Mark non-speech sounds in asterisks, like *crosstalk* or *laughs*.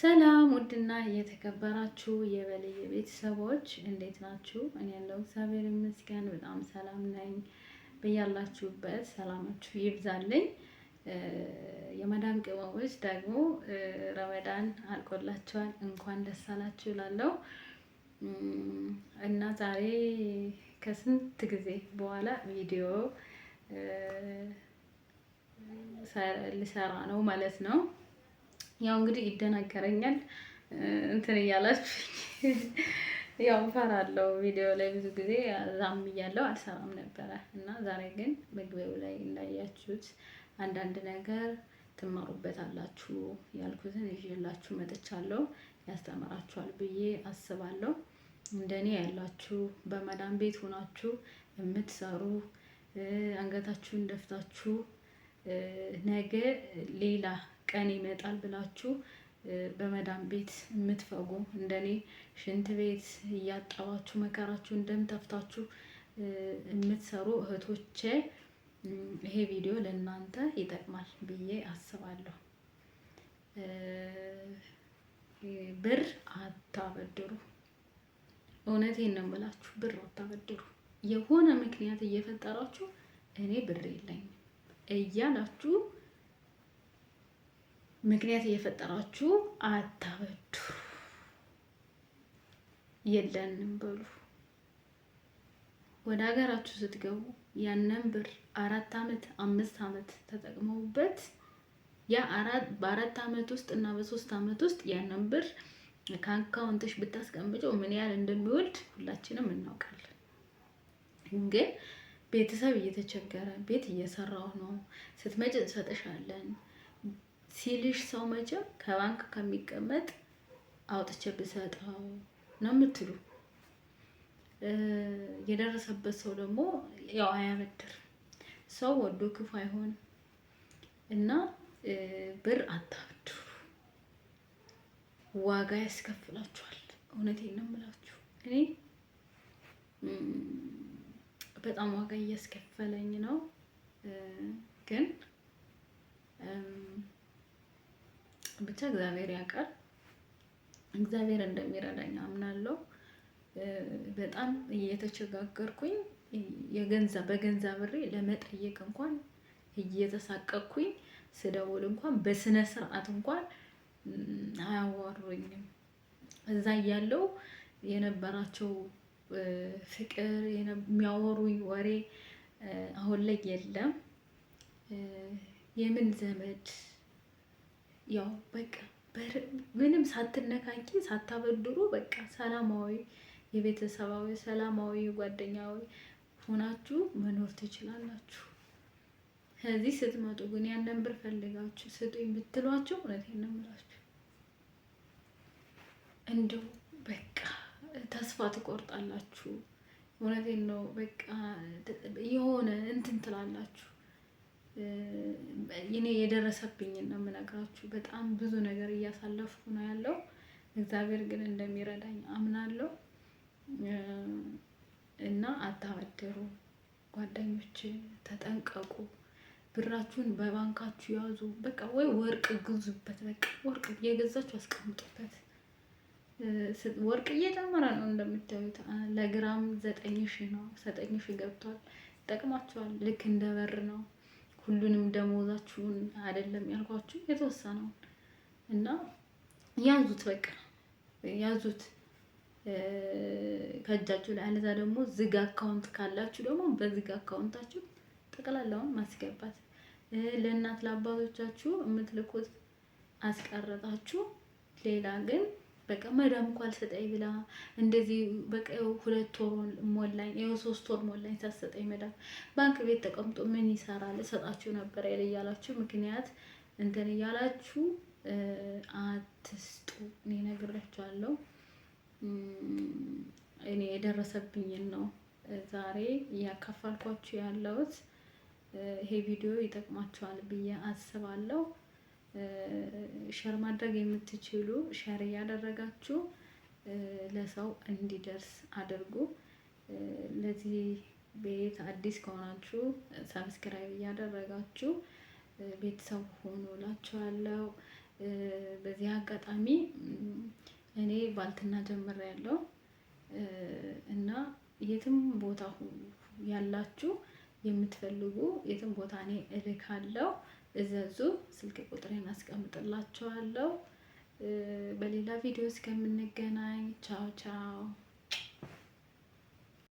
ሰላም ውድና እየተከበራችሁ የበለየ ቤተሰቦች እንዴት ናችሁ? እኔ ያለው እግዚአብሔር ይመስገን በጣም ሰላም ነኝ። በያላችሁበት ሰላማችሁ ይብዛልኝ። የመዳም ቅመሞች ደግሞ ረመዳን አልቆላቸዋል፣ እንኳን ደስ አላችሁ እላለሁ እና ዛሬ ከስንት ጊዜ በኋላ ቪዲዮ ልሰራ ነው ማለት ነው ያው እንግዲህ ይደናገረኛል እንትን እያላችሁ *laughs* ያው ፈራለሁ። ቪዲዮ ላይ ብዙ ጊዜ ዛም እያለው አልሰራም ነበረ እና ዛሬ ግን መግቢያው ላይ እንዳያችሁት አንዳንድ ነገር ትማሩበታላችሁ ያልኩትን ይዤላችሁ መጥቻለሁ። ያስተምራችኋል ብዬ አስባለሁ። እንደኔ ያላችሁ በመዳን ቤት ሆናችሁ የምትሰሩ አንገታችሁን ደፍታችሁ ነገ ሌላ ቀን ይመጣል ብላችሁ በመዳን ቤት የምትፈጉ እንደኔ ሽንት ቤት እያጠባችሁ መከራችሁ እንደምተፍታችሁ ተፍታችሁ የምትሰሩ እህቶቼ ይሄ ቪዲዮ ለእናንተ ይጠቅማል ብዬ አስባለሁ። ብር አታበድሩ። እውነቴን ነው የምላችሁ፣ ብር አታበድሩ። የሆነ ምክንያት እየፈጠራችሁ እኔ ብር የለኝም እያላችሁ ምክንያት እየፈጠራችሁ አታበዱ። የለንም በሉ። ወደ ሀገራችሁ ስትገቡ ያንን ብር አራት አመት አምስት አመት ተጠቅመውበት ያ አራት በአራት አመት ውስጥ እና በሶስት አመት ውስጥ ያንን ብር ከአካውንትሽ ብታስቀምጨው ምን ያህል እንደሚወልድ ሁላችንም እናውቃለን። ግን ቤተሰብ እየተቸገረ ቤት እየሰራው ነው ስትመጭ እንሰጥሻለን ሲልሽ ሰው መቼም ከባንክ ከሚቀመጥ አውጥቼ ብሰጠው ነው የምትሉ። የደረሰበት ሰው ደግሞ ያው አያበድር ሰው ወዶ ክፉ አይሆን እና ብር አታብድሩ፣ ዋጋ ያስከፍላችኋል። እውነቴን ነው የምላችሁ እኔ በጣም ዋጋ እያስከፈለኝ ነው ግን ብቻ እግዚአብሔር ያውቃል። እግዚአብሔር እንደሚረዳኝ አምናለሁ። በጣም እየተቸጋገርኩኝ የገንዘብ በገንዘብ ብሬ ለመጠየቅ እንኳን እየተሳቀቅኩኝ ስደውል እንኳን በስነ ስርዓት እንኳን አያዋሩኝም። እዛ እያለው የነበራቸው ፍቅር የሚያወሩኝ ወሬ አሁን ላይ የለም። የምን ዘመድ ያው በቃ ምንም ሳትነካኪ ሳታበድሩ በቃ ሰላማዊ የቤተሰባዊ ሰላማዊ ጓደኛዊ ሆናችሁ መኖር ትችላላችሁ። ከዚህ ስትመጡ ግን ያንን ብር ፈልጋችሁ ስጡኝ ብትሏቸው እውነቴን የምላችሁ እንደው በቃ ተስፋ ትቆርጣላችሁ። እውነቴን ነው በቃ የሆነ እንትን ትላላችሁ። እኔ የደረሰብኝ ነው የምነግራችሁ። በጣም ብዙ ነገር እያሳለፍኩ ነው ያለው። እግዚአብሔር ግን እንደሚረዳኝ አምናለሁ። እና አታበድሩ ጓደኞች፣ ተጠንቀቁ። ብራችሁን በባንካችሁ ያዙ። በቃ ወይ ወርቅ ግዙበት። በቃ ወርቅ እየገዛችሁ አስቀምጡበት። ወርቅ እየጨመረ ነው እንደምታዩት። ለግራም ዘጠኝ ሺ ነው፣ ዘጠኝ ሺ ገብቷል። ይጠቅማችኋል። ልክ እንደ በር ነው። ሁሉንም ደሞዛችሁን አይደለም ያልኳችሁ የተወሰነውን እና ያዙት፣ በቃ ያዙት ከእጃችሁ ላይ አለዛ ደግሞ ዝግ አካውንት ካላችሁ ደግሞ በዝግ አካውንታችሁ ጠቅላላውን ማስገባት ለእናት ለአባቶቻችሁ የምትልኩት አስቀረጣችሁ። ሌላ ግን በቃ መዳም እንኳ አልሰጠኝ ብላ እንደዚህ በቃ ሁለት ወር ሞላኝ፣ ይኸው ሶስት ወር ሞላኝ ሳሰጠኝ መዳም። ባንክ ቤት ተቀምጦ ምን ይሰራል? እሰጣችሁ ነበር ያለ እያላችሁ ምክንያት እንትን እያላችሁ አትስጡ። እኔ ነግራችኋለሁ። እኔ የደረሰብኝን ነው ዛሬ እያካፈልኳችሁ ያለሁት። ይሄ ቪዲዮ ይጠቅማቸዋል ብዬ አስባለሁ። ሸር ማድረግ የምትችሉ ሸር እያደረጋችሁ ለሰው እንዲደርስ አድርጉ። ለዚህ ቤት አዲስ ከሆናችሁ ሰብስክራይብ እያደረጋችሁ ቤተሰብ ሆኖ ላችኋለሁ። በዚህ አጋጣሚ እኔ ባልትና ጀምር ያለው እና የትም ቦታ ያላችሁ የምትፈልጉ የትም ቦታ እኔ እልካለሁ። እዘዙ። ስልክ ቁጥሬን አስቀምጥላችኋለሁ። በሌላ ቪዲዮ እስከምንገናኝ ቻው ቻው።